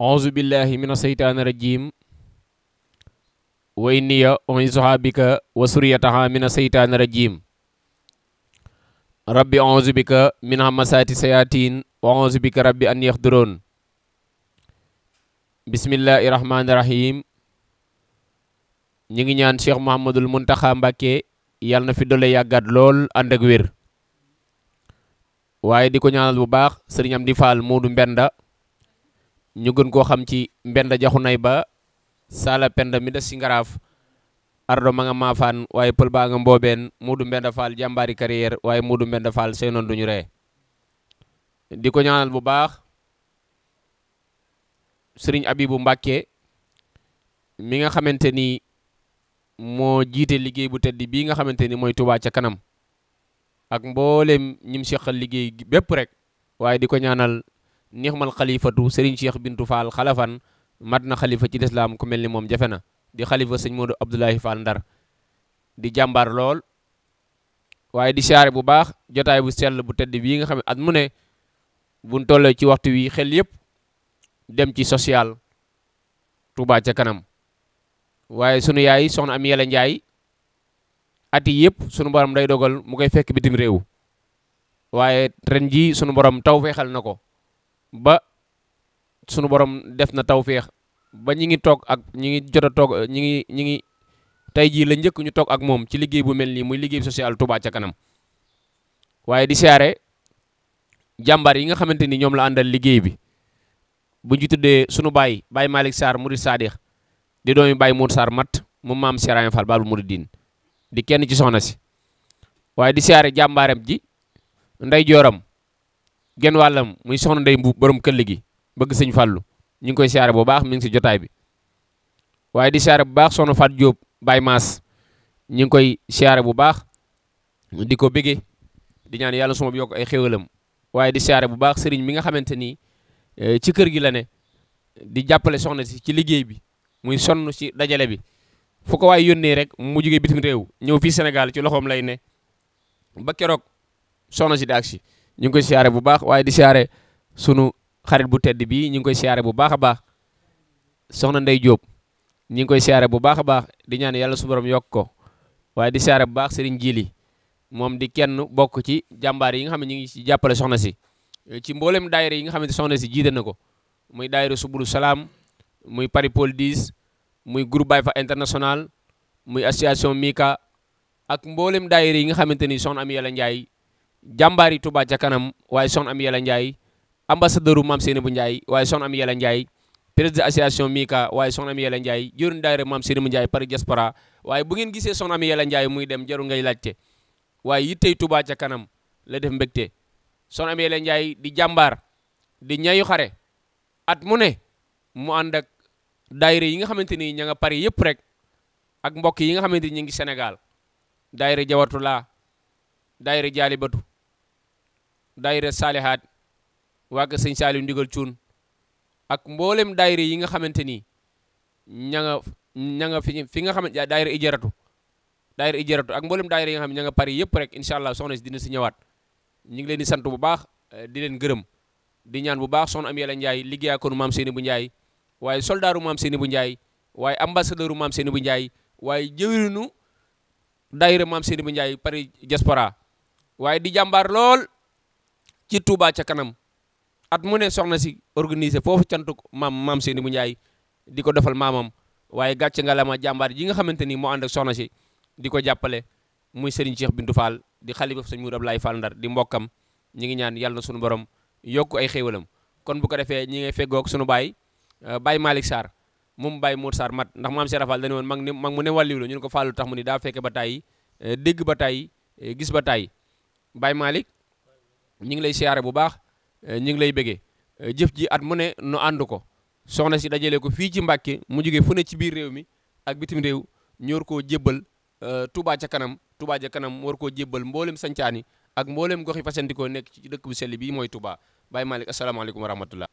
auzu billahi mina seytaani rajim wa inniya u'iizuhaa bika wa suriyatahaa mina seytaani rajim rabbi auzu bika min hamasaati sayaatiin wa auzu bika rabbi an yaxduroon bismillahi rahmaani rahim ñi ngi ñaan cheikh mouhamadul muntaxa mbàkke yàlla na fi dole yàggat lool ànd ak wér waaye di ko ñaanal bu baax sëriñ di faal moodu mbenda ñu gën koo xam ci jaxu jaxunay ba sala penda mi des ci ngaraaf ardo ma nga maafaan waaye pël baa nga mboobeen muudu mbenda faal jàmbaari carrière waaye muudu mbenda faal seenoon duñu ree di ko ñaanal bu baax sëriñ abibu mbàkke mi nga xamante ni moo jiite liggéey bu tedd bi nga xamante ni mooy tubaa ca kanam ak mbooleem ñim seqal liggéey bépp rek waaye di ko ñaanal nixmal xalifatu Serigne Cheikh bintu Fall xalafan mat na xalifa ci lislaam ku mel ni moom jafe na di xalifa sëñ Modou Abdoulaye Fall Ndar di jàmbaar lool waaye di siyaare bu baax jotaay bu sell bu tedd bii nga xam ne at mu ne buñ tollee ci waxtu wi xel yëpp dem ci social Touba ca kanam waaye sunu yaay soxna Amy Yalla Ndiaye at yëpp sunu borom day dogal mu koy fekk bitim réew waaye ren ji sunu borom taw feexal na ko ba sunu borom def na taw tawféex ba ñi ngi toog ak ñi ngi jot a toog ñi ngi ñi ngi tey jii la njëkk ñu toog ak moom ci liggéey bu mel nii muy liggéey social Touba ca kanam waaye di siyaare jàmbaar yi nga xamante ni ñoom la àndal liggéey bi bu ñu tuddee sunu baay baay Malick Sarr Murid Sadikh di doomi baay Mour Sarr Matt mu maam Serigne Fall Babul Mouridine di kenn ci soxna si waaye di siyaare jàmbaaram ji ndey jooram genn wàllam muy soxna ndey mbuub borom këll gi bëgg sëñ fàllu ñu ngi koy siyaare bu baax mi ngi si jotaay bi waaye di siyaare bu baax soxna Fat jóob Baye Maas ñu ngi koy siyaare bu baax di ko bëggee di ñaan yàlla suma bi yokk ay xéwalam waaye di siyaare bu baax sëriñ mi nga xamante ni eh, ci kër gi la ne di jàppale soxna si ci liggéey bi muy sonn si dajale bi fu ko waay yónnee rek mu jugee bitim réew ñëw fii Sénégal ci loxoom lay ne ba keroog soxna si di agsi ñu ngi koy siyaare bu baax waaye di siyaare sunu xarit bu tedd bii ñu ngi koy siyaare bu baax a baax soxna Ndey Diop ñu ngi koy siyaare bu baax a baax di ñaan yàlla su borom yokk ko waaye di siyaare bu baax sëriñ Jili moom di kenn bokk ci jàmbaar yi nga xam ne ñu ngi ci jàppale soxna si ci mboolem daayira yi nga xam soxna si jiite na ko muy daayira subulu salaam muy pari Paul 10 muy groupe Baye Fall international muy association Mika ak mboolem daayira yi nga xamante ni soxna Amy Yalla Ndiaye jàmbaari Touba ca kanam waaye soxna Amy Yalla Ndiaye ambassadeur u Mame Seynabou Ndiaye waaye soxna Amy Yalla Ndiaye président association Mika waaye soxna Amy Yalla Ndiaye jëruñ daayira Mame Seynabou Ndiaye par waaye bu ngeen gisee soxna Amy Yalla Ndiaye muy dem jaru ngay laajte waaye yittey Touba ca kanam la def mbégte soxna Amy Yalla Ndiaye di jàmbaar di ñayu xare at mu ne mu ànd ak daayira yi nga xamante ni ña nga Paris yëpp rek ak mbokk yi nga xamante ni ñu ngi Sénégal daayira Jawartulaa daayira Jaalibatu daayira saalihaat waa kër sëñ Saaliw ndigal cuun ak mboolem daayira yi nga xamante ni ña fi ña fi fi nga xamante daayira ijaratu daayira ijaratu ak mboolem daayira yi nga xam ne ña nga Paris yëpp rek incha allah soxna si dina si ñëwaat ñu ngi leen di sant bu baax eh, di leen gërëm di ñaan bu baax soxna am yàlla Ndiaye liggéeyaakoonu maam seeni bu Ndiaye waaye soldaaru maam seeni bu Ndiaye waaye ambassadeur maam seeni bu Ndiaye waaye jëwrinu daayira maam seeni bu Ndiaye Paris diaspora waaye ci Touba ca kanam at mu ne soxna si organiser foofu cantu maam maam seeni bu Njaay di ko defal maamam waaye gàcce nga la ma jàmbaar ji nga xamante ni moo ànd ak soxna si di ko jàppale muy Serigne Cheikh Bintou Fall di xalifa sëñ Mourou Ablaye Fall Ndar di mbokkam ñi ngi ñaan yàlla na suñu borom yokk ay xéewalam kon bu ko defee ñi ngi feggoog sunu baay euh, baay Malick Sarr moom baay Mour saar mat ndax maam Cheikh Rafal dañu woon mag ne mag mu ne wàlliwlu ñu ne ko fàllu tax mu ni daa ba tàyyi euh, dégg ba tàyyi euh, gis ba tàyyi ñu ngi lay siyaare bu baax euh, ñu ngi lay bëggee euh, jëf ji at mu ne nu ànd ko soxna si dajale ko fii ci Mbàkke mu jógee fu ne ci biir réew mi ak bitim réew ñor koo jébbal euh, Touba ca kanam tubaa ja kanam war koo jébbal mboolem sancaani ak mboolem gox yi fasantikoo nekk ci dëkk bu selli bii mooy tubaa Touba Baye Malick asalaamaaleykum wa rahmatullah.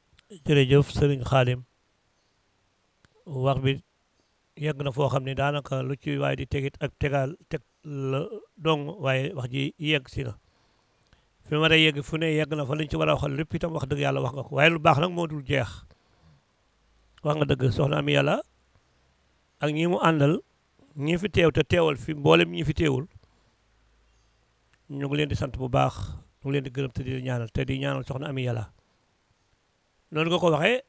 jërëjëf Serigne Khadim wax bi yegg na foo xam ne daanaka lu ci waaye di tegit ak tegaal teg la dong waaye wax ji yegg si na. fi mu war yegg fu ne yegg na fa lañ ci war a waxal wax dëgg yàlla wax nga ko lu baax nag moo dul jeex wax nga dëgg soxna Amy Yàlla ak ñi mu àndal ñi fi teew te teewal fi mboolem ñi fi teewul ñu leen di sant bu baax ñu leen di gërëm te di ñaanal te di ñaanal soxna Amy Yàlla noonu nga ko waxee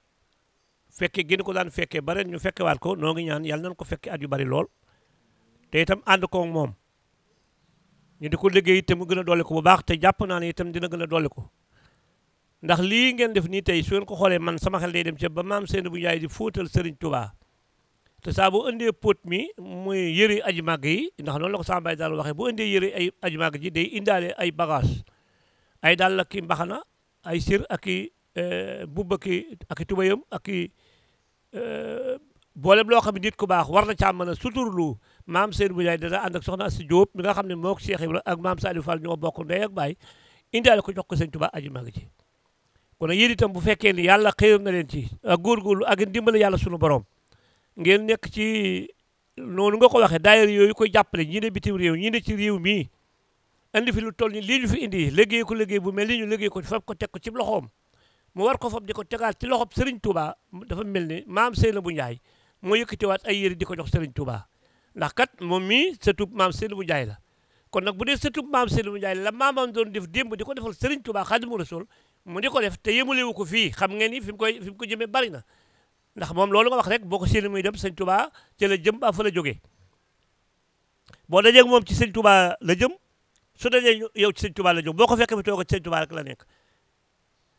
fekke gën ko daan fekkee ba ren ñu fekkewaat ko noo ngi ñaan yàlla nañ ko fekke at yu bari lool te itam ànd koog moom ñu di ko liggéey te mu gën a dolli ko bu baax te jàpp naa ne itam dina gën a dolli ko ndax lii ngeen def nii tey su ngeen ko xoolee man sama xel day dem ci ba maam seen bu Njaay di fóotal Sëriñ Tuubaa te saa bu indee póot mi muy yëri aji màgg yi ndax noonu la ko sama baay daal waxee bu indee yëri ay aji màgg ji day indaale ay bagage ay daal ak i mbaxana ay sir ak i e, mbubb ak i ak i tubayam ak i e, loo xam ne nit ku baax war na caa mën a lu maam Seydou bu Ndiaye dana ànd ak soxna Asi Diop mi nga xam ne moo ko Cheikh Ibra ak maam Saliou Fall ñoo bokk ndey ak baay indaale ko jox ko sëñ Tuubaa aji màgg ji kon yéen itam bu fekkee ni yàlla xëyoon na leen ci góorgóorlu ak ndimbali yàlla sunu borom ngeen nekk ci noonu nga ko waxee daayira yooyu koy jàppale ñii ne bitim réew ñii ci réew mii andi lu toll ni lii ñu fi indi liggéey ko liggéey bu mel ni ñu liggéey ko ko teg ko ci loxoom mu war ko fab di ko tegaat ci loxoom Serigne Touba dafa mel ni maam Seyna bu Njaay moo yëkkatiwaat ay yére di ko jox Serigne Touba ndax kat moom mi sëtub maam Seydou bu Njaay la kon nag bu dee sëtub maam Seydou bu Njaay la maamam doon def démb di ko defal Serigne Touba Xaadimu Rasuul mu di ko def te yemalewu ko fii xam ngeen ni fi mu koy fi mu ko jëmee bari na ndax moom loolu nga wax rek boo ko séenu muy dem sëñ Touba ci la jëm ba fa la jógee boo dajee moom ci sëñ Touba la jëm su dajee yow ci sëñ Touba la jëm boo ko fekkee fi toog ci sëñ Touba rek la nekk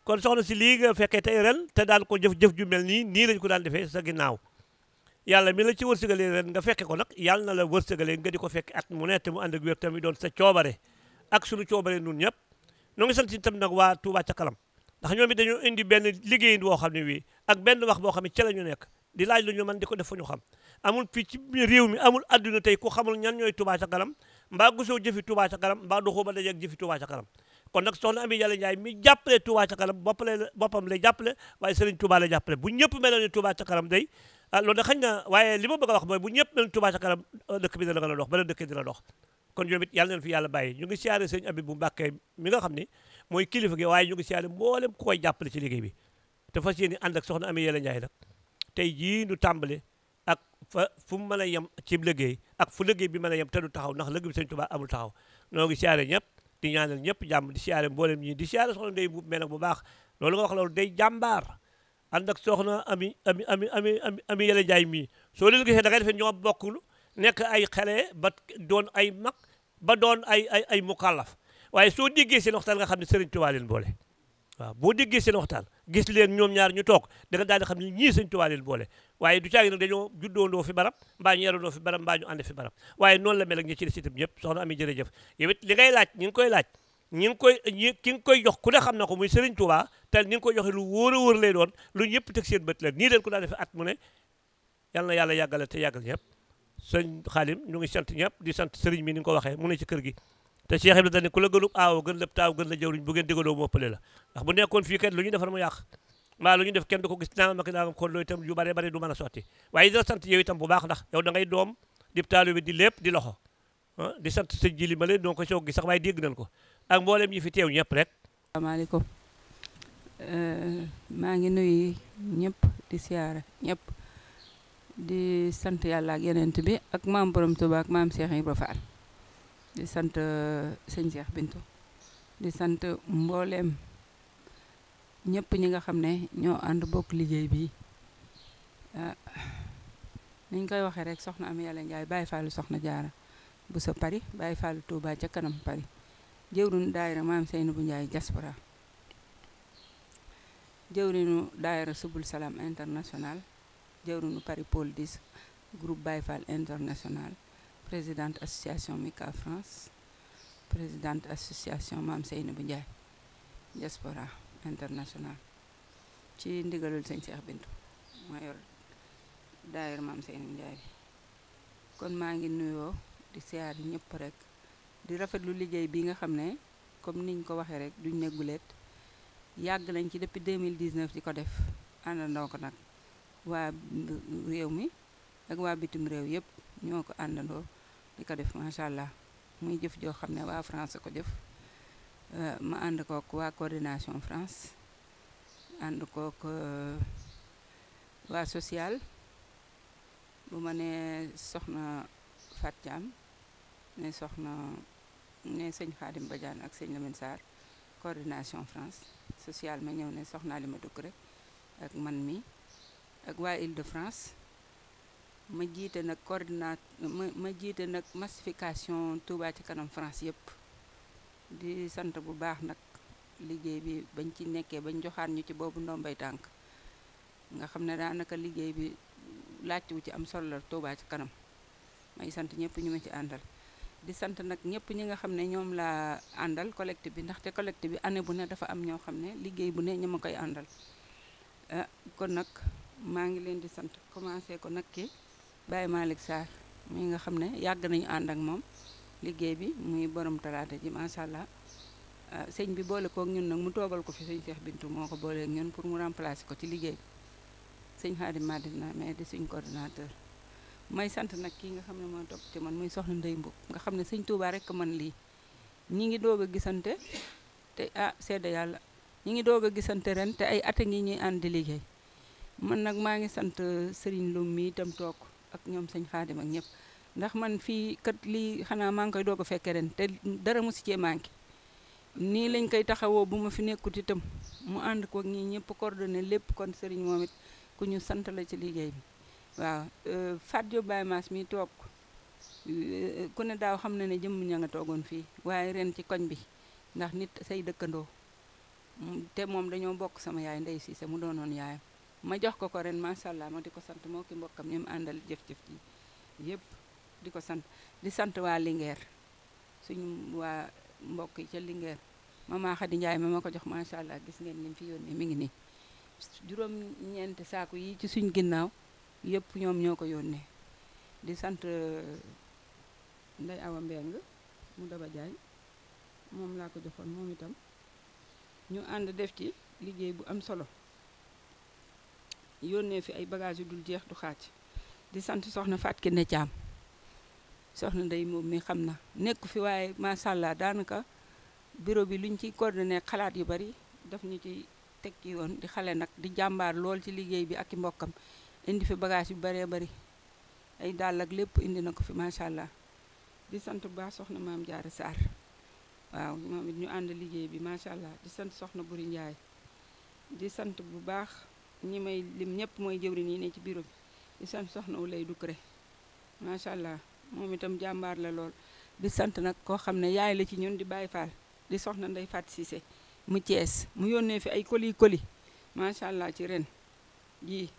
kon na si lii nga fekkee tey ren te daan ko jëf jëf ju mel nii nii lañ ko daan defee sa ginnaaw yàlla mi la ci wërsëgalee ren nga fekke ko nag yàlla na la wërsëgalee nga di ko fekk at mu nekk te mu ànd ak wér tamit sa coobare ak sunu coobare nun ñëpp ñoo ngi sant itam nag waa Touba ca kanam ndax ñoom dañoo indi benn liggéeyin woo xam ne wii ak benn wax boo xam ne ca la ñu nekk di laaj lu ñu mën di ko def fu ñu xam amul fii ci réew mi amul adduna tey ku xamul ñan ñooy Touba ca kanam mbaa gusoo jëfi Touba ca kanam mbaa doxoo ba dajeeg jëfi Touba ca kon nag soxna Amy Diallo Ndiaye mi jàppale Touba ca kanam boppale boppam lay jàppale waaye Serigne Touba la jàppale bu ñëpp meloon ne Touba ca kanam day ah loolu da xañ na waaye li ma bëgg a bu ñëpp mel Touba ca kanam euh, dëkk bi dana gën a dox beneen dëkk dina dox kon ñoom it yàlla na fi yàlla bàyyi ñu ngi siyaare sëñ Abib bu Mbàkke mi nga xam ne mooy kilifa gi waaye ñu ngi siyaare mboolem ku koy jàppale ci liggéey bi te fas yéene ànd ak soxna Amy Yalla Ndiaye nag tey jii nu tàmbale ak fa fu mu mën a yem ci liggéey ak fu liggéey bi mën a yem te du taxaw ndax liggéey bi sëñ amul taxaw noo ngi siyaare ñëpp di ñaanal ñëpp jàmm di siyaare mboolem ñi di siyaare soxna Ndey bu mel nag bu baax loolu nga wax loolu day jàmbaar ànd ak soxna ami ami ami ami ami ami yàlla jaay mii soo leen gisee da ngay defee ñoo bokkul nekk ay xale ba doon ay mag ba doon ay ay ay mukallaf waaye soo déggee seen waxtaan nga xam ne Serigne Touba leen boole waaw boo déggee seen waxtaan gis leen ñoom ñaar ñu toog da nga daal di xam ne ñii Serigne Touba leen boole waaye du caagi nag dañoo juddoondoo fi barab mbaa ñu yarandoo fi barab mbaa ñu ànd fi barab waaye noonu la mel ak ñi ci des itam ami jërëjëf yow it li ngay laaj ñi ngi koy laaj ñi ngi koy ki nga koy jox ku ne xam na ko muy Serigne Touba te ni nga koy joxe lu woore a wóor doon lu ñu yëpp teg seen bët la nii dañ ko daa defee at mu ne yal na yàlla yàggale te yàggal ñëpp sëñ Xaalim ñu ngi sant ñëpp di sant sëriñ mi ni nga ko waxee mu ne ci kër gi te Cheikh Ibrahima dañ ne ku la gënub aaw gën lépp taaw gën la jawriñ bu ngeen digaloo moo ëppale la ndax bu nekkoon fii kat lu ñu defar mu yàq maa lu ñu def kenn du ko gis naa ma ki naangam kon loolu itam yu bare bare du mën a sotti sant yow itam bu baax ndax yow da ngay doom di taalibe bi lépp di loxo ah, di sant sëñ ji li ma donc ko gi sax waaye dégg nañ ko ak mboolem ñi fi teew ñëpp rek. asalaamaaleykum eh, maa ngi nuyu ñépp di siyaara ñëpp di sant yàlla ak yeneen bi ak maam borom Tuubaa ak maam Cheikh Ibra Fall di sant eh, sëñ Cheikh Bintu di sant mbooleem ñëpp ñi nga xam ne ñoo ànd bokk liggéey bi eh, niñ koy waxee rek soxna am yàlla Njaay Baay Fallu soxna jaara bu sa Paris Baay Fallu Tuubaa ca kanam Paris jëwriñu daayira maam bu Ndiaye diaspora jëwrinu daayira subul salaam international jëwriñu Paris Pôle 10 groupe Baye Fall international présidente association Mika France présidente association maam bu Ndiaye diaspora international ci ndigalul sëñ Cheikh Bintou maa yor maam Seynabou Ndiaye bi kon maa ngi nuyoo di siyaar ñëpp rek di rafetlu liggéey bi nga xam ne comme ni niñ ko waxee rek duñ ne guleet yàgg nañ ci depuis 2019 di ko def àndandoo ko nag waa réew mi ak waa bitim réew yëpp ñoo ko àndandoo di ko def macha allah muy jëf joo xam ne waa France ko jëf euh, ma ànd kook waa coordination France ànd kook euh, social bu ma nee soxna Fatou Thiam ne soxna ne sëñ Khadim Badiane ak señ Lamine Sarr coordination France sociale ma ñëw ne soxnaa li ma dugg rek ak man mi ak waa Île-de-France ma jiite nag coordinate ma jiite nag massification Touba ci kanam France yëpp di sant bu baax nag liggéey bi bañ ci nekkee bañ joxaat ñu ci boobu ndombay tànk nga xam ne daanaka liggéey bi laajte wu ci am solo la Touba ci kanam may sant ñëpp ñu ma ci àndal. di sant nag ñëpp ñi nga xam ne ñoom laa àndal collecte bi ndaxte collecte bi année bu ne dafa am ñoo xam ne liggéey bu ne ñu ma koy àndal ah, kon nag maa ngi leen di sant commencé ko nag ki Baye Malick Sarr mi nga xam ne yàgg nañu ànd ak moom liggéey bi muy borom talaata ji macha allah ah, sëñ bi boole kook ñun nag mu toogal ko fi sëñ Cheikh Bintu moo ko booleeg ñun pour mu remplacer ko ci liggéey bi sëñ Xaadim naa mais di suñ coordinateur may sant nag kii nga xam ne moo topp ci man muy soxla Ndey Mbuub nga xam ne sëñ Touba rek man lii ñi ngi doog a gisante te ah sedda yàlla ñi ngi doog a gisante ren te ay at a ngi ñuy ànd di liggéey man nag maa ngi sant Serigne Loum mi itam toog ak ñoom sëñ Xaadim ak ñëpp ndax man fii kat lii xanaa maa ngi koy doog a fekkee ren te dara mu si cee manqué nii lañ koy taxawoo bu ma fi nekkut itam mu ànd ko ñi ñëpp coordonné lépp kon Serigne moom it ku ñu sant la ci liggéey bi waaw euh, Fat Diop Baye Mass mi toog euh, ku ne daaw xam na ne jëmm ña nga toogoon fii waaye ren ci koñ bi ndax nit say dëkkandoo mm, te moom dañoo bokk sama yaay ndey Siise mu doonoon yaayam ma jox ko ko ren macha allah ma di ko sant moo ki mbokkam ñoom àndal jëf-jëf yëpp di ko sant di sant waa Linguère suñu waa mbokk yi ca Linguère mama Khady Ndiaye ma ma ko jox macha allah gis ngeen ni mu yoon yónnee mu ngi nii juróom ñeent saako yi ci suñ ginnaaw. yëpp ñoom ñoo ko yónnee di sant euh, Ndeye Awa Mbeng mu daba jaay moom laa ko joxoon moom itam ñu ànd def ci liggéey bu am solo yónnee fi ay bagages yu dul jeex du xaaj di sant soxna Fatou Kiné Thiam soxna ndey moom mi xam na nekk fi waaye macha allah daanaka bureau bi luñ ci coordonné xalaat yu bari daf ñu ci teg ci yoon di xale nag di jàmbaar lool ci liggéey bi ak i mbokkam indi fi bagage yu baree bari ay dàll ak lépp indi na ko fi macha allah di sant bu baax soxna maam Jaara Sarr waaw moom it ñu ànd liggéey bi macha allah di sant soxna Buri Njaay di sant bu baax ñi may lim ñëpp mooy jëwriñ yi ci bureau bi sant soxna wu lay Ducré macha allah moom itam jàmbaar la lool di sant nag koo xam ne yaay la ci ñun di Baay Faal di soxna Ndey Fat Sise mu Cees mu yónnee fi ay colis colis macha allah ci ren jii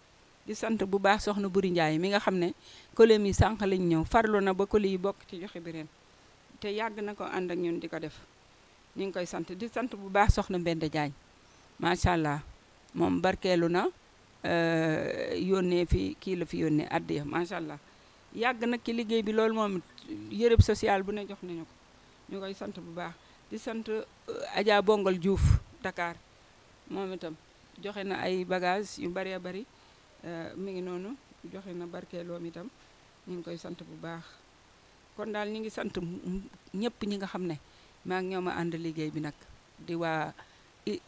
di sant bu baax soxna Buri Njaay mi nga xam ne colem yi sànq lañ ñëw farlu na ba cole yi bokk ci joxe bi ren te yàgg na ko ànd ak ñun di ko def ñu ngi koy sant di sant bu baax soxna Mbende Jaañ macha allah moom barkeelu na euh, yónnee fi kii la fi yónnee addiya macha allah yàgg nag ci liggéey bi loolu moom yërëb social bu ne jox nañu ko ñu koy sant bu baax di sant euh, Adja Bongol Diouf dakaar moom itam joxe na ay bagage yu bëree bari Euh, mi ngi noonu joxe na barkeeloom itam ñu ngi koy sant bu baax kon daal ñu ngi sant ñëpp ñi nga xam ne maa ngi ñoom a ànd liggéey bi nag di waa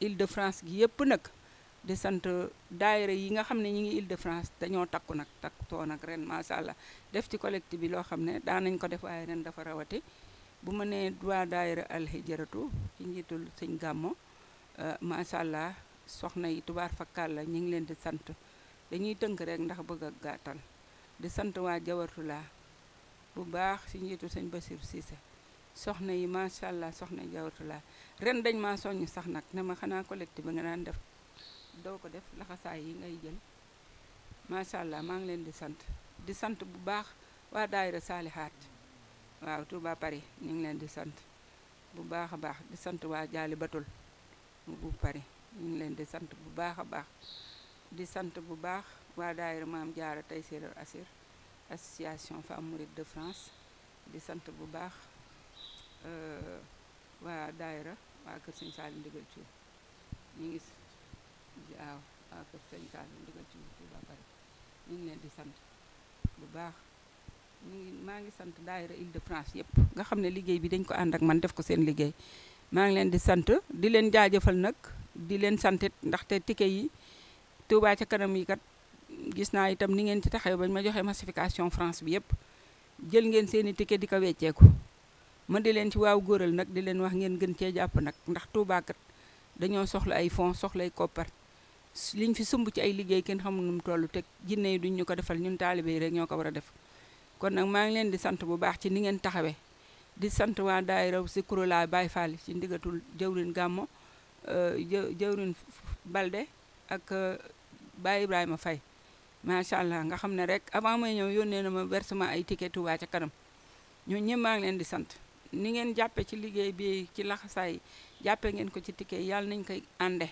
Île-de-France gi yëpp nag di sant daayira yi nga xam ne ñi ngi Île-de-France dañoo takku nag takkutoon nag ren macha allah def ci collectif bi loo xam ne daan nañ ko def waaye ren dafa rawati bu ma nee waa daayira alxijaratu ci njiitul sëñ gàmmo euh, macha allah soxna yi tubaar fakkal la ñu ngi leen di sant dañuy tënk rek ndax bëgg ak gàttal di sant waa Jawartulaa bu baax ci njiitu sëñ Basir Cissé soxna yi macha allah soxna Jawartulaa ren dañ maa soññ sax nag ne ma xanaa collecte nga naan def doo ko def laxasaay yi ngay jël macha allah maa ngi leen di sant di sant bu baax waa daayira Saalihaat waaw Touba Paris ñu ngi leen di sant bu baax a baax di sant waa Jaalibatul bu Paris ngi leen di sant bu baax a baax di sant bu baax waa daayira maam jaara tey séeréer asir association femme de France di sant bu baax euh, waa daayira waa kër sëñ Saalim ndigal ci ñu ngi waaw ngi leen di sant bu baax ñu ngi maa ngi sant daayira Île de France yëpp nga xam ne liggéey bi dañ ko ànd ak man def ko seen liggéey maa ngi leen di sant di leen jaajëfal nag di leen santit ndaxte ticket yi Touba ca kanam yi kat gis naa itam ni ngeen ci taxaw bañ ma joxe massification France bi yëpp jël ngeen seen i di ko wecceeku ma di leen ci waaw góoral nag di leen wax ngeen gën cee jàpp nag ndax Touba kat dañoo soxla ay fonds soxla ay koppar liñ fi sumb ci ay liggéey kenn xamul nu mu toll te jinne yi duñ ñu ko defal ñun taalibe yi rek ñoo ko war a def kon nag maa ngi leen di sant bu baax ci ni ngeen taxawee di sant waa daayira Zikru Laay Baay Faal ci ndigatul jëwrin Gàmmo euh, jëwrin Balde ak Baye Ibrahima Faye macha allah nga xam ne rek avant mooy ñëw yónnee na ma versement ay ticket Touba ca kanam ñun ñëpp maa ngi leen di sant ni ngeen jàppe ci liggéey bi ci laxasaay jàppe ngeen ko ci ticket yàlla nañ koy ànde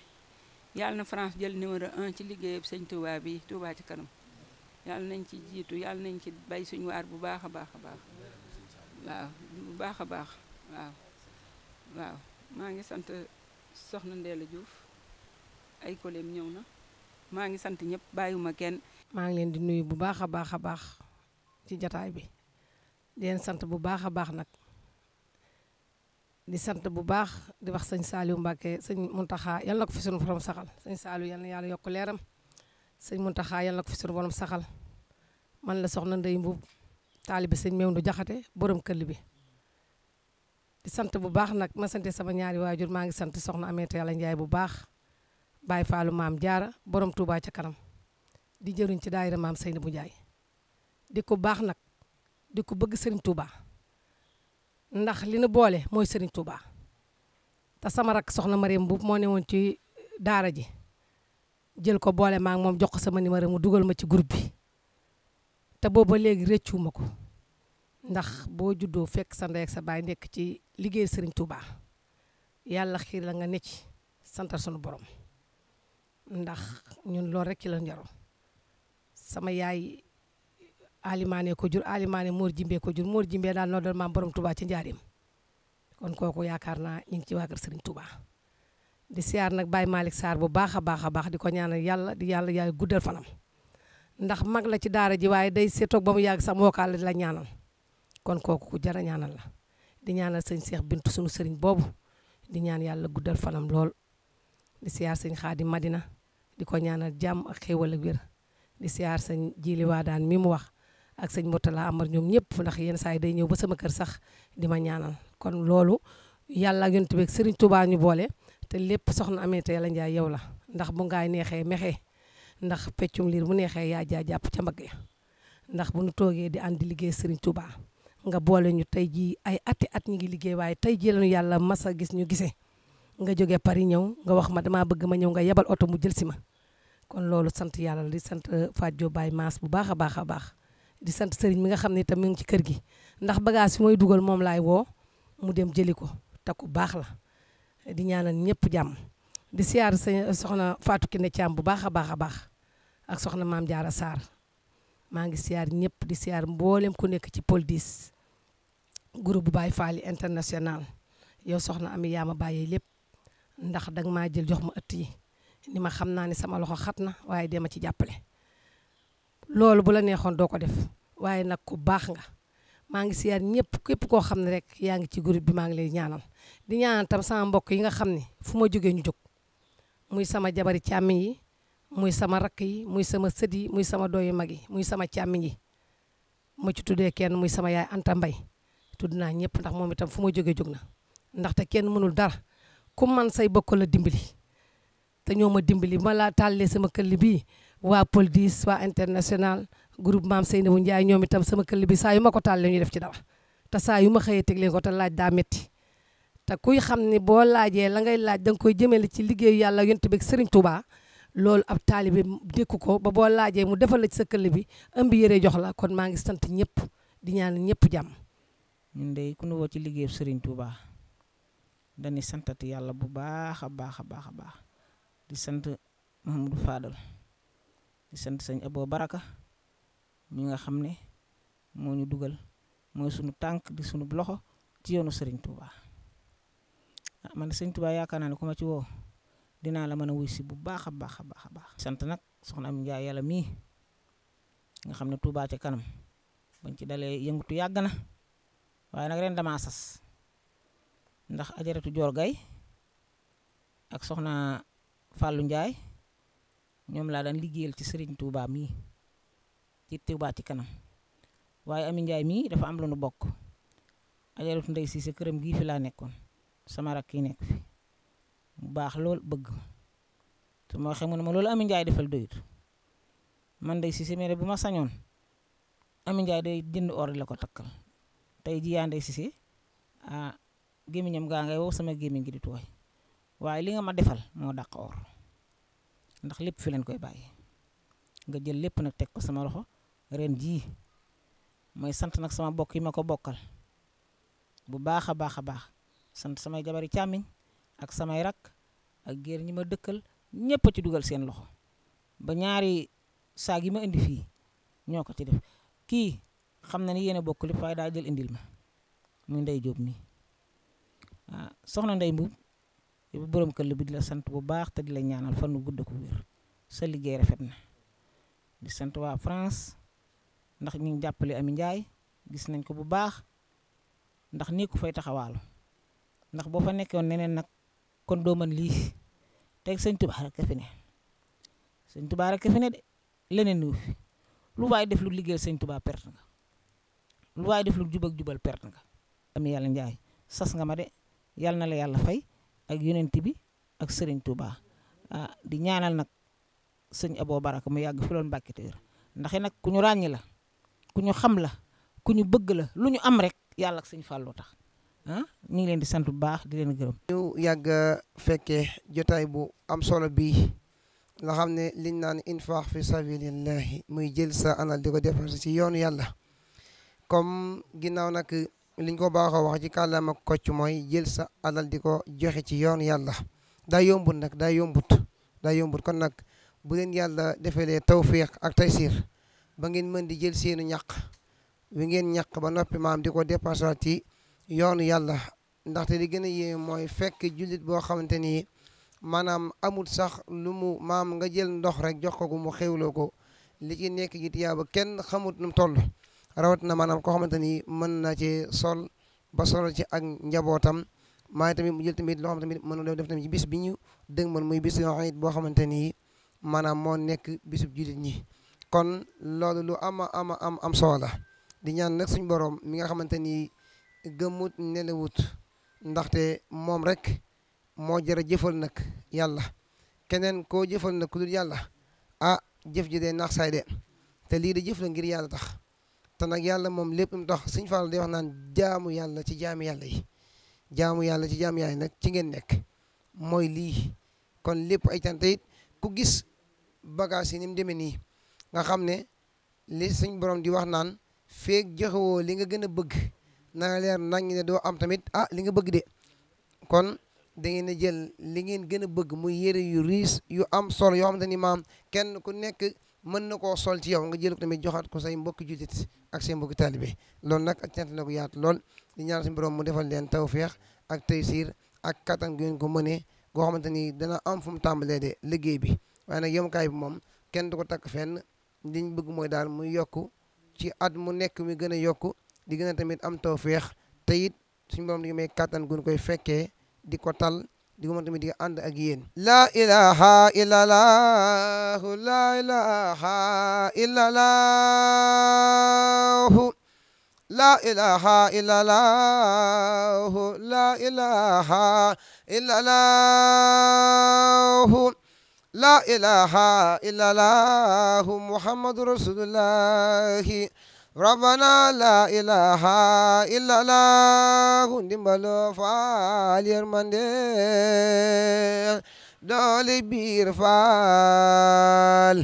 yàlla na France jël numéro en ci liggéeyam sëñ Touba bi Touba ca kanam yàlla nañ ci jiitu yàlla nañ ci bay suñ waar bu baax a baax a baax waaw bu baax a baax waaw maa ngi sant soxna Ndella Diouf ay collègues ñëw na maa ngi sant ñëpp bàyyiwuma kenn. maa ngi leen di nuyu bu baax a baax a baax ci jataay bi di leen sant bu baax a baax nag di sant bu baax di wax sëñ Saliou Mbacke sëñ Mountakha yal na ko fi sunu saxal sëñ Saliou yal na yokk leeram sëñ Mountakha yal na ko fi sunu borom saxal man la soxna Ndeye Mboub taalibe sëñ Mewndu Jaxate borom këll bi. sant bu baax nag ma sante sama ñaari waajur maa ngi sant soxna Ameth la Njaay bu baax. baay Fallou maam jaara borom Touba ca kanam di jëriñ ci daayira maam Seynabou Ndiaye di ko baax nag di ko bëgg sëriñ Touba ndax li nu boole mooy sëriñ Touba te sama rak soxna ma Mariam Mbuub moo ne woon ci daara ji jël ko boole maa moom jox ko sama numéro mu dugal ma ci groupe bi te booba léegi rëccuwuma ko ndax boo juddoo fekk sa ndey sa baay nekk ci liggéey Serigne Touba yàlla xiir la nga ne ci santal sunu borom. ndax ñun loolu rek ci la njaro sama yaay alimaane ko jur alimaane moor jimbe ko jur moor jimbe daal noo doon maam borom Touba ci njaarim kon kooku yaakaar naa ñu ngi ci waa kër Serigne di siyaar nag Baye Malick saar bu baax a baax a baax di ko ñaanal yàlla di yàlla yaay guddal fanam ndax mag la ci daara ji waaye day seetoog ba mu yàgg sax mookaale la ñaanal kon kooku ku jara ñaanal la di ñaanal sëñ Cheikh Bintu sunu sëriñ boobu di ñaan yàlla guddal fanam lool di sëñ Xaadim Madina di ko ñaanal jàmm ak xéewal ak wér di siyaar sañ jili waa daan mi mu wax ak sëñ Mourtala Amar ñoom ñëpp ndax yenn saa yi day ñëw ba sama kër sax di ma ñaanal kon loolu yàlla ak yonent bi ak Serigne ñu boole te lépp soxna amee te yàlla yow la ndax bu ngaay neexee mexee ndax peccum liir mu neexee yaa jaa jàpp ca mbagg ndax bu nu toogee di ànd liggéey Serigne Touba nga boole ñu tey jii ay ati at ñu ngi liggéey waaye tey jii lañu yàlla mas a gis ñu gisee nga jóge Paris ñëw nga wax ma damaa bëgg ma ñëw nga yebal oto mu jël si ma kon loolu sant yàlla di sant euh, Fadio Baye maas bu baax a baax a baax di sant sëriñ mi nga xam ni itam mi ngi ci kër gi ndax bagage yi mooy dugal moom laay woo mu dem jëli ko te ku baax la di ñaanal ñëpp jàmm di siyaar sa euh, soxna Fatou Kiné am bu baax a baax a baax ak soxna Maam jaar a saar maa ngi siyaar ñëpp di siyaar mboolem ku nekk ci Pôle diis groupe bu Baye Fall international yow soxna am yaa ma bàyyee lépp ndax danga maa jël jox mu ëtt yi. ni ma xam naa ne sama loxo xat na waaye ma ci jàppale loolu bu la neexoon doo ko def waaye nag ku baax nga maa ngi siyaar ñëpp képp koo xam ne rek yaa ngi ci groupe bi maa ngi lay ñaanal di ñaanal tam sama mbokk yi nga xam ni fu ma jógee ñu jóg muy sama jabari càmmiñ yi muy sama rakk yi muy sama sët muy sama dooyu mag yi muy sama càmmiñ yi ma ci tuddee kenn muy sama yaay Anta Mbay tudd naa ñëpp ndax moom itam fu ma jógee jóg na ndaxte kenn mënul dara ku man say bokk la dimbali te ñoo ma dimbali ma laa tàllee sama këll bi waa Paul 10 waa international groupement maam Seynabou Ndiaye ñoom itam sama këll bi saa yu ma ko tàllee ñu def ci dara te saa ma xëyee teg leen ko te laaj daa métti te kuy xam ne boo laajee la ngay laaj danga nga koy jëmale ci liggéeyu yàlla yonent bi ak Serigne loolu ab taalibe dékku ko ba boo laajee mu defal la ci sa këll bi ëmb yére jox la kon maa ngi sant ñëpp di ñaan ñëpp jàmm. ñun de ku nu woo ci liggéeyu Serigne yàlla bu baax a baax a baax a baax. di sant Mahamadou Fadal di sant sëñ Abo Baraka mi nga xam ne moo ñu dugal mooy sunu tànk di sunu loxo ci yoonu Serigne Touba ah man Serigne Touba yaakaar naa ne ku ma ci woo dinaa la mën a wuy si bu baax a baax a baax a baax. sant nag soxna am Ndiaye yàlla mii nga xam ne Touba ca kanam bañ ci dalee yëngutu yàgg na waaye ren damaa sas ndax ajaratu Dior Gaye ak soxna Fallou Ndiaye ñoom laa daan liggéeyal ci Serigne Touba mii ci Touba ci kanam waaye Ami Ndiaye mii dafa am lu nu bokk ajaratu ndey si sa këram gii fi laa nekkoon sama rakk yi nekk fi mu baax lool bëgg su ma waxee mu ma loolu Ami Ndiaye defal doyut man ndey si mais bu ma sañoon Ami Ndiaye day jënd or la ko takkal tey ji yaa ndey si ah gémmiñam gaa ngay wow sama gémmi ngi di tooy. waaye li nga ma defal moo dàq or ndax lépp fi leen koy bàyyi nga jël lépp nag teg ko sama loxo ren jii mooy sant nag sama bokk yi ma ko bokkal bu baax a baax a baax sant samay jabari càmmiñ ak samay rak ak géer ñi ma dëkkal ñépp a ci dugal seen loxo ba ñaari saag yi ma indi fii ñoo ko ci def kii xam na ni yéen a bokk daa jël indil ma mu ndey jóob mi soxna ndey mbuub yow borom kër bi di la sant bu baax te di la ñaanal fan nu gudd ko wér sa liggéey rafet na di sant waa France ndax ñi ngi jàppale Ami Ndiaye gis nañ ko bu baax ndax nii ku fay taxawaalo ndax boo fa nekkoon neneen nag kon doo mën lii teg sëñ Tuubaa rekk fi ne sëñ Tuubaa rekk fi ne de leneen wu fi lu waay def lu liggéeyal sëñ Tuubaa perte nga lu waay def lu jub jubal perte nga. am yàlla Ndiaye sas nga ma de yàlla na la yàlla fay. ak yonent bi ak Serigne Touba ah di ñaanal nag sëñ aboo Baraka mu yàgg fi loon Mbàkke te nag ku ñu ràññi la ku ñu xam la ku ñu bëgg la lu ñu am rek yàlla ak sëñ Fallou tax ah ñu ngi leen di sant bu baax di leen gërëm. ñu yàgg fekkee jotaay bu am solo bii. nga xam ne liñ naan infaax fi sabilillahi muy jël sa alal di ko dépenser ci yoonu yàlla comme ginnaaw nag liñ ko baaxoo wax ci kàllaama kocc mooy jël sa alal di ko joxe ci yoon yàlla daa yombut nag daa yombut daa yombut kon nag bu leen yàlla defalee tawfiq ak taysiir ba ngeen mën di jël seenu ñàq wi ngeen ñàq ba noppi maam di ko dépassé ci yoonu yàlla ndaxte li gën a yéeme mooy fekk jullit boo xamante ni maanaam amul sax lu mu maam nga jël ndox rek jox ko mu xewloo ko li ci nekk ji tiyaaba kenn xamut nu mu toll rawat na maanaam koo xamante ni mën na cee sol ba solal ci ak njabootam maa tamit mu jël tamit loo xam tamit mën na def tamit ci bis bi ñu dégg man muy bis it boo xamante ni maanaam moo nekk bisub jullit ñi kon loolu lu ama ama am am solo la di ñaan nag suñu boroom mi nga xamante ni gëmmut nelawut ndaxte moom rek moo jërë jëfal nag yàlla keneen koo jëfal nag ku dul yàlla ah jëf ji dee naax saay de te lii de jëf la ngir yàlla tax te nag yàlla moom lépp mu dox suñ Fall di wax naan jaamu yàlla ci jaami yàlla jaamu yàlla ci jaami nag ci ngeen nekk mooy lii kon lépp ay cant it ku gis bagage yi ni mu demee nii nga xam ne li suñ boroom di wax naan feeg joxewoo li nga gën a bëgg na leer nañ ne doo am tamit ah li nga bëgg de kon da ngeen a jël li ngeen gën a bëgg muy yére yu riis yu am solo yoo xam maam kenn ku nekk mën na koo sol ci yow nga jël ko tamit joxaat ko say mbokki jullit ak say mbokki taalibe loolu nag ak cant na ko yaatu lool di ñaan suñu borom mu defal leen taw feex ak taysiir ak kattan gu ko mënee goo xamante ni dana am fu mu tàmbalee de liggéey bi nag yemukaay bi moom kenn du ko takk fenn liñ bëgg mooy daal muy yokk ci at mu nekk mi gën a yokk di gën a tamit am tawféex te it suñu borom di may kattan gu koy fekkee di ko tal. di ko moom tamit di ànd ak yéen ilaha illallahu laa ilaha illallahu laa ilaha illallahu laa ilaha illallahu laa ilaha illallahu muhammadu rasulullahi rabbana la ilaha illa lahu ndimbalo faal yermande dooli biir faal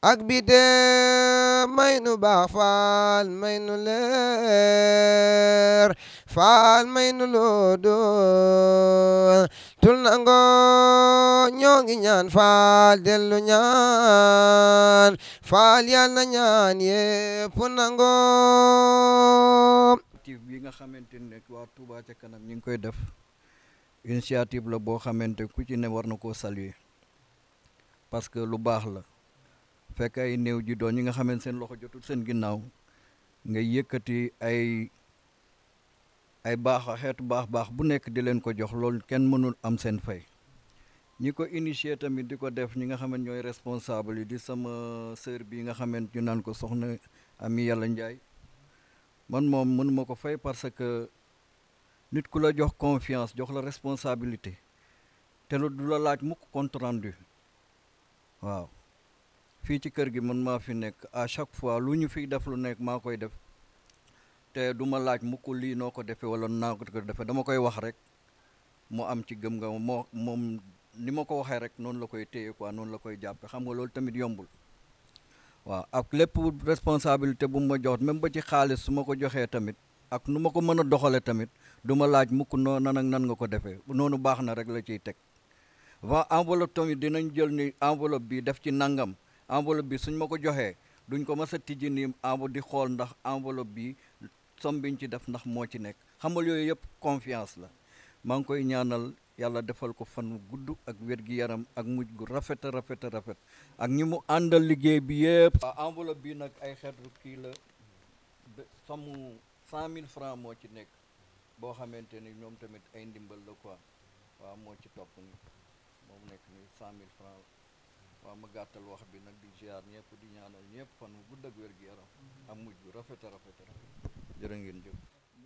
ak bidee may nu baax faal may nu leer faal may nu loodoo tul nango ñoo ngi ñaan faal dellu ñaan faal yal na ñaan yépp nango initiative bi nga xamante ne waa Touba ca kanam ñu ngi koy def initiative la boo xamante ku ci ne war na ko saluer parce que lu baax la fekk ay néew ji doon ñi nga xam ne seen loxo jotul seen ginnaaw nga yëkkati ay ay baax xeetu baax baax bu nekk di leen ko jox loolu kenn mënul am seen fay ñi ko initié tamit di ko def ñi nga xam ñooy responsable yi di sama sœur bi nga xam ne ñu naan ko soxna Ami Yàlla Njaay man moom mënuma ko fay parce que nit ku la jox confiance jox la responsabilité te lu du la laaj mukk compte waaw fii ci kër gi man maa fi nekk à chaque fois lu ñu fi def lu nekk maa koy def te du ma laaj mukk lii noo ko defee wala naa ko defee dama koy wax rek mu am ci gëm nga moo moom ni ma ko waxee rek noonu la koy téye quoi noonu la koy jàppe xam nga loolu tamit yombul waaw ak lépp responsabilité bu ma jox même ba ci xaalis su ma ko joxee tamit ak nu ma ko mën a doxalee tamit du laaj mukk noo nan ak nan nga ko defee noonu baax na rek la ciy teg waaw enveloppe tamit dinañ jël ni enveloppe bii def ci nangam enveloppe bi suñ ma ko joxee duñ ko mës a tijji nii enveloppe di xool ndax enveloppe bi somme biñ ci def ndax moo ci nekk xamal yooyu yëpp confiance la maa ngi koy ñaanal yàlla defal ko fan gudd ak wér gi yaram ak mujj gu rafet rafeta rafet ak ñi mu àndal liggéey bi yëpp. enveloppe bi nag ay xeetu kii la somme cent mille francs moo ci nekk boo xamante ni ñoom tamit ay ndimbal la quoi waaw moo ci topp ni moom nekk ni cent mille francs waaw ma gàttal wax bi nag di ziar ñëpp di ñaanal ñëpp fan bu mm-hmm. rafet a rafet a rafet jërë ngeen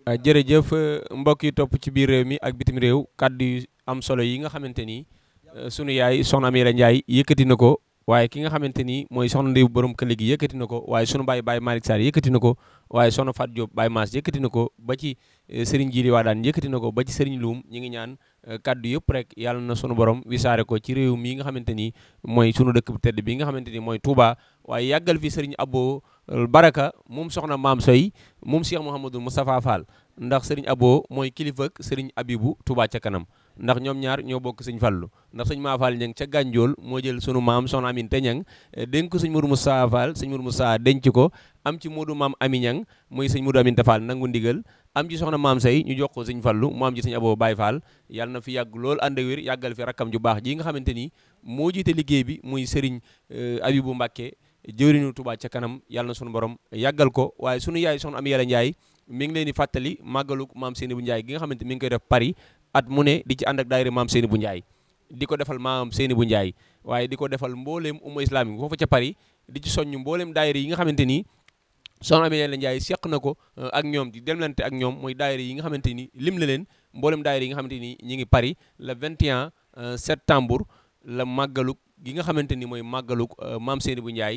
ah, jërëjëf euh, mbokk yi topp ci biir réew mi ak bitim réew kàddu yu am solo yi nga xamante ni euh, sunu yaay soxna Amira Ndiaye yëkkati na ko waaye ki nga xamante ni mooy soxna Ndeye borom kële gi yëkkati na ko waaye sunu baay Baye Malick Sarr yëkkati na ko waaye soxna Fatou Diop Baye Mass yëkkati na ko ba ci euh, sëriñ Djili Wadane yëkkati na ko ba ci sëriñ Loum ñu ngi ñaan. Euh, kàddu yëpp rek yàlla na sunu borom saare ko ci réew mii nga xamante ni mooy sunu dëkk bu tedd bii nga xamante ni mooy Touba waaye yàggal fi sëriñ Abo euh, Baraka moom soxna maam Soy moom Cheikh Mouhamadou Moustapha Fall ndax sëriñ Abo mooy kilifa ak sëriñ Abibu Touba ca kanam ndax ñoom ñaar ñoo bokk sëñ Fallu ndax sëñ Maafaal ñang ca Gànjool moo jël sunu maam soxna Amin te ñang eh, dénk ko sëñ Mourou Moussa Fall sëñ Mourou Moussa denc ko am ci Moodu maam Ami ñang muy sëñ Mourou Amin te Fall nangu ndigal am ci soxna maam say ñu jox ko sëñ Fallu mu am ci sëñ Aboo Baay Fall yàlla na fi yàgg lool ànd ak wér yàggal fi rakkam ju baax ji nga xamante ni moo jiite liggéey bi muy sëriñ eh, bu Mbàkke jëwriñu Tuubaa ca kanam yàlla na sunu borom yàggal ko waaye sunu yaay soxna Ami Yàlla Njaay mi ngi leen di màggalu maam Seeni bu Njaay gi nga xamante mi ngi koy def Paris at mu ne di ci ànd ak daayira maam seeni bu njaay di ko defal maam seeni bu njaay waaye di ko defal mbooleem umma islamique foofu ca Paris di ci soññ mbooleem daayira yi nga xamante ni soxna Amina la Njaay seq na ko uh, ak ñoom di demlante ak ñoom mooy daayira yi nga xamante ni lim na leen mboolem daayira yi nga xamante ni ñi ngi Paris le 21 uh, septembre la màggaluk gi nga xamante ni mooy màggaluk uh, maam seeni bu njaay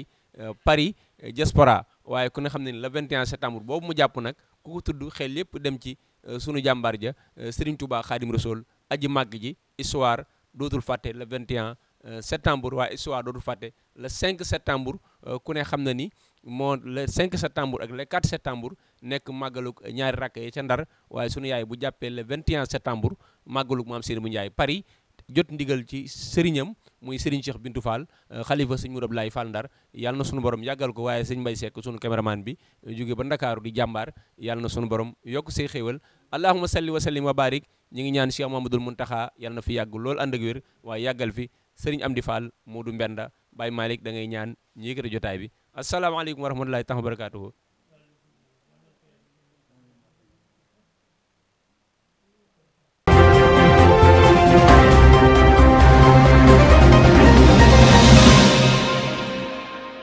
Paris diaspora waaye ku ne xam ne ni le 21 septembre boobu mu jàpp nag ku ko tudd xel yépp dem ci Euh, sunu jàmbaar ja euh, Serigne Touba Khadim Rasoul aji màgg ji histoire dootul fàtte le 21 euh, septembre waaye histoire dootul fàtte le 5 septembre ku ne xam na ni moo le 5 septembre ak le 4 septembre nekk màggalug ñaari rakk yi ca Ndar waaye sunu yaay bu jàppee le 21 septembre màggalug maam Serigne bu Ndiaye Paris jot ndigal ci sëriñam muy Serigne Cheikh Bintou Fall euh, xalifa sëñ Mourou Abdoulaye Fall Ndar yàlla na sunu borom yàggal ko waaye sëñ Mbaye Seck sunu caméraman bi euh, jóge ba Ndakaaru di jàmbaar yàlla na sunu borom yokk say xéewal allahuma salli wa sallim wa barik ñu ngi ñaan Cheikh Mamadou Mountakha yàlla na fi yàgg lool ànd ak wér waaye yàggal fi Serigne Amdi Fall Modou Mbenda Baye Malick da ngay ñaan ñi yëkkati jotaay bi asalaamaaleykum wa rahmatulahi taala wa barakatuhu